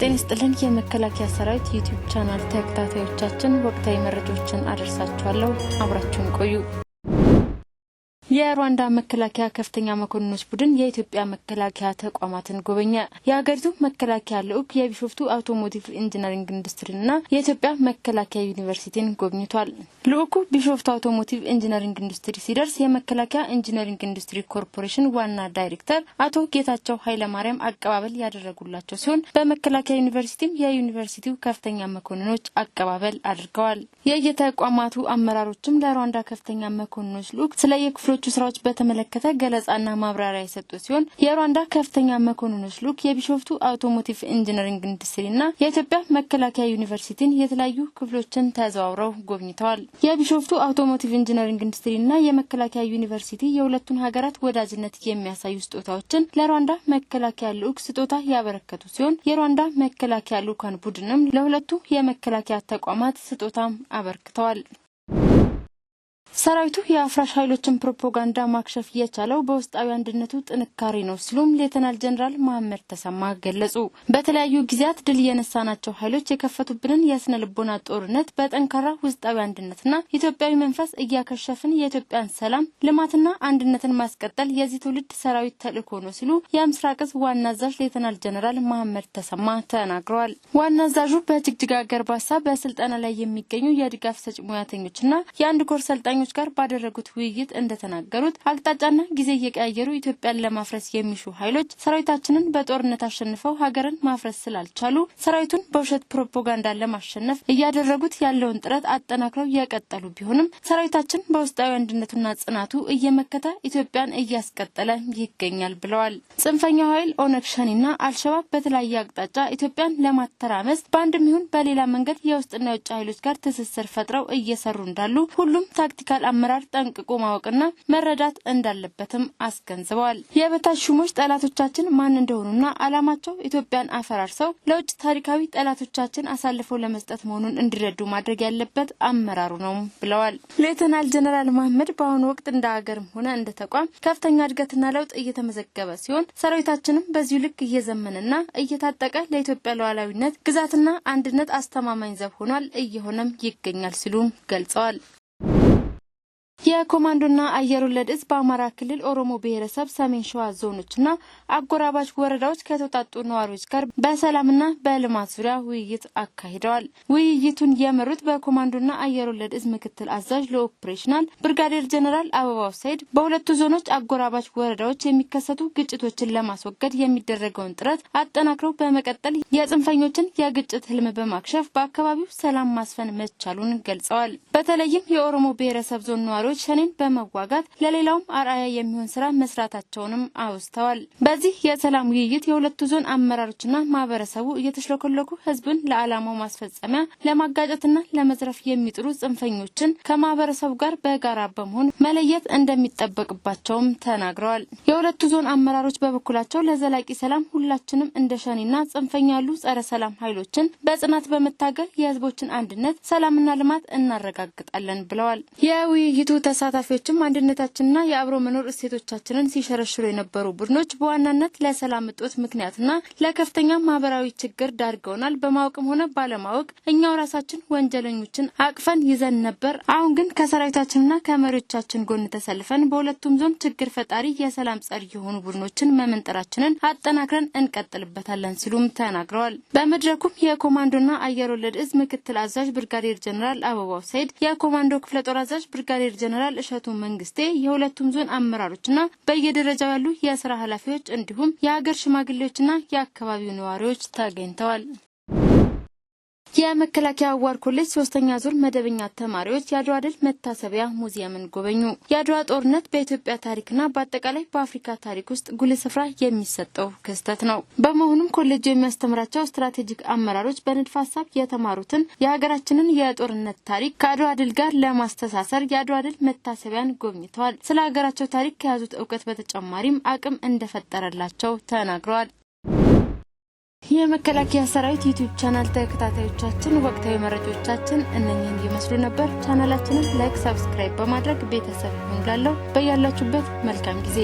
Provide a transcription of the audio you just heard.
ጤና ይስጥልን። የመከላከያ ሰራዊት ዩቲዩብ ቻናል ተከታታዮቻችን ወቅታዊ መረጃዎችን አደርሳችኋለሁ። አብራችሁን ቆዩ። የሩዋንዳ መከላከያ ከፍተኛ መኮንኖች ቡድን የኢትዮጵያ መከላከያ ተቋማትን ጎበኘ። የሀገሪቱ መከላከያ ልዑክ የቢሾፍቱ አውቶሞቲቭ ኢንጂነሪንግ ኢንዱስትሪንና የኢትዮጵያ መከላከያ ዩኒቨርሲቲን ጎብኝቷል። ልዑኩ ቢሾፍቱ አውቶሞቲቭ ኢንጂነሪንግ ኢንዱስትሪ ሲደርስ የመከላከያ ኢንጂነሪንግ ኢንዱስትሪ ኮርፖሬሽን ዋና ዳይሬክተር አቶ ጌታቸው ኃይለማርያም አቀባበል ያደረጉላቸው ሲሆን በመከላከያ ዩኒቨርሲቲም የዩኒቨርሲቲው ከፍተኛ መኮንኖች አቀባበል አድርገዋል። የየተቋማቱ አመራሮችም ለሩዋንዳ ከፍተኛ መኮንኖች ልዑክ ስለ የክፍሎቹ የተሰራቸው ስራዎች በተመለከተ ገለጻና ማብራሪያ የሰጡ ሲሆን የሩዋንዳ ከፍተኛ መኮንኖች ሉክ የቢሾፍቱ አውቶሞቲቭ ኢንጂነሪንግ ኢንዱስትሪና የኢትዮጵያ መከላከያ ዩኒቨርሲቲን የተለያዩ ክፍሎችን ተዘዋውረው ጎብኝተዋል። የቢሾፍቱ አውቶሞቲቭ ኢንጂነሪንግ ኢንዱስትሪና የመከላከያ ዩኒቨርሲቲ የሁለቱን ሀገራት ወዳጅነት የሚያሳዩ ስጦታዎችን ለሩዋንዳ መከላከያ ልዑክ ስጦታ ያበረከቱ ሲሆን የሩዋንዳ መከላከያ ልዑካን ቡድንም ለሁለቱ የመከላከያ ተቋማት ስጦታም አበርክተዋል። ሰራዊቱ የአፍራሽ ኃይሎችን ፕሮፓጋንዳ ማክሸፍ የቻለው በውስጣዊ አንድነቱ ጥንካሬ ነው ሲሉም ሌተናል ጀኔራል መሀመድ ተሰማ ገለጹ። በተለያዩ ጊዜያት ድል የነሳናቸው ኃይሎች የከፈቱብንን የስነ ልቦና ጦርነት በጠንካራ ውስጣዊ አንድነትና ኢትዮጵያዊ መንፈስ እያከሸፍን የኢትዮጵያን ሰላም ልማትና አንድነትን ማስቀጠል የዚህ ትውልድ ሰራዊት ተልእኮ ነው ሲሉ የምስራቅ ዕዝ ዋና አዛዥ ሌተናል ጀኔራል መሀመድ ተሰማ ተናግረዋል። ዋና አዛዡ በጅግጅጋ ገርባሳ በስልጠና ላይ የሚገኙ የድጋፍ ሰጪ ሙያተኞችና የአንድ ኮር ሰልጣኞች ጋር ባደረጉት ውይይት እንደተናገሩት አቅጣጫና ጊዜ እየቀያየሩ ኢትዮጵያን ለማፍረስ የሚሹ ኃይሎች ሰራዊታችንን በጦርነት አሸንፈው ሀገርን ማፍረስ ስላልቻሉ ሰራዊቱን በውሸት ፕሮፓጋንዳ ለማሸነፍ እያደረጉት ያለውን ጥረት አጠናክረው የቀጠሉ ቢሆንም ሰራዊታችን በውስጣዊ አንድነቱና ጽናቱ እየመከተ ኢትዮጵያን እያስቀጠለ ይገኛል ብለዋል። ጽንፈኛው ኃይል ኦነግ ሸኔና አልሸባብ በተለያየ አቅጣጫ ኢትዮጵያን ለማተራመስ በአንድም ይሁን በሌላ መንገድ የውስጥና የውጭ ኃይሎች ጋር ትስስር ፈጥረው እየሰሩ እንዳሉ ሁሉም ታክቲካል አመራር ጠንቅቆ ማወቅና መረዳት እንዳለበትም አስገንዝበዋል። የበታች ሹሞች ጠላቶቻችን ማን እንደሆኑና ዓላማቸው ኢትዮጵያን አፈራርሰው ለውጭ ታሪካዊ ጠላቶቻችን አሳልፈው ለመስጠት መሆኑን እንዲረዱ ማድረግ ያለበት አመራሩ ነው ብለዋል። ሌተናል ጀነራል መሀመድ በአሁኑ ወቅት እንደ ሀገርም ሆነ እንደ ተቋም ከፍተኛ እድገትና ለውጥ እየተመዘገበ ሲሆን ሰራዊታችንም በዚሁ ልክ እየዘመንና እየታጠቀ ለኢትዮጵያ ሉዓላዊነት ግዛትና አንድነት አስተማማኝ ዘብ ሆኗል እየሆነም ይገኛል ሲሉም ገልጸዋል። የኮማንዶና አየር ወለድ እዝ በአማራ ክልል ኦሮሞ ብሔረሰብ ሰሜን ሸዋ ዞኖችና አጎራባች ወረዳዎች ከተውጣጡ ነዋሪዎች ጋር በሰላምና በልማት ዙሪያ ውይይት አካሂደዋል። ውይይቱን የመሩት በኮማንዶና አየር ወለድ እዝ ምክትል አዛዥ ለኦፕሬሽናል ብርጋዴር ጀነራል አበባው ሰይድ በሁለቱ ዞኖች አጎራባች ወረዳዎች የሚከሰቱ ግጭቶችን ለማስወገድ የሚደረገውን ጥረት አጠናክረው በመቀጠል የጽንፈኞችን የግጭት ህልም በማክሸፍ በአካባቢው ሰላም ማስፈን መቻሉን ገልጸዋል። በተለይም የኦሮሞ ብሔረሰብ ዞን ነዋሪዎች ጀግኖች ሸኔን በመዋጋት ለሌላውም አርአያ የሚሆን ስራ መስራታቸውንም አውስተዋል። በዚህ የሰላም ውይይት የሁለቱ ዞን አመራሮችና ማህበረሰቡ እየተሽለኮለኩ ህዝብን ለዓላማው ማስፈጸሚያ ለማጋጨትና ለመዝረፍ የሚጥሩ ጽንፈኞችን ከማህበረሰቡ ጋር በጋራ በመሆን መለየት እንደሚጠበቅባቸውም ተናግረዋል። የሁለቱ ዞን አመራሮች በበኩላቸው ለዘላቂ ሰላም ሁላችንም እንደ ሸኔና ጽንፈኛ ያሉ ጸረ ሰላም ኃይሎችን በጽናት በመታገል የህዝቦችን አንድነት፣ ሰላምና ልማት እናረጋግጣለን ብለዋል። የውይይቱ ተሳታፊዎችም አንድነታችንና የአብሮ መኖር እሴቶቻችንን ሲሸረሽሩ የነበሩ ቡድኖች በዋናነት ለሰላም እጦት ምክንያትና ለከፍተኛ ማህበራዊ ችግር ዳርገውናል። በማወቅም ሆነ ባለማወቅ እኛው ራሳችን ወንጀለኞችን አቅፈን ይዘን ነበር። አሁን ግን ከሰራዊታችንና ከመሪዎቻችን ጎን ተሰልፈን በሁለቱም ዞን ችግር ፈጣሪ የሰላም ጸር የሆኑ ቡድኖችን መመንጠራችንን አጠናክረን እንቀጥልበታለን ሲሉም ተናግረዋል። በመድረኩም የኮማንዶና አየር ወለድ እዝ ምክትል አዛዥ ብርጋዴር ጀኔራል አበባው ሰይድ፣ የኮማንዶ ክፍለ ጦር አዛዥ ብርጋዴር ጀነራል ጀነራል እሸቱ መንግስቴ የሁለቱም ዞን አመራሮችና በየደረጃው ያሉ የስራ ኃላፊዎች እንዲሁም የሀገር ሽማግሌዎችና የአካባቢው ነዋሪዎች ተገኝተዋል። የመከላከያ ዋር ኮሌጅ ሶስተኛ ዙር መደበኛ ተማሪዎች የአድዋ ድል መታሰቢያ ሙዚየምን ጎበኙ። የአድዋ ጦርነት በኢትዮጵያ ታሪክና በአጠቃላይ በአፍሪካ ታሪክ ውስጥ ጉልህ ስፍራ የሚሰጠው ክስተት ነው። በመሆኑም ኮሌጁ የሚያስተምራቸው ስትራቴጂክ አመራሮች በንድፍ ሀሳብ የተማሩትን የሀገራችንን የጦርነት ታሪክ ከአድዋ ድል ጋር ለማስተሳሰር የአድዋ ድል መታሰቢያን ጎብኝተዋል። ስለ ሀገራቸው ታሪክ ከያዙት እውቀት በተጨማሪም አቅም እንደፈጠረላቸው ተናግረዋል። የመከላከያ ሰራዊት ዩቲዩብ ቻናል ተከታታዮቻችን ወቅታዊ መረጃዎቻችን እነኝህን ይመስሉ ነበር። ቻናላችንን ላይክ፣ ሰብስክራይብ በማድረግ ቤተሰብ እንላለው። በያላችሁበት መልካም ጊዜ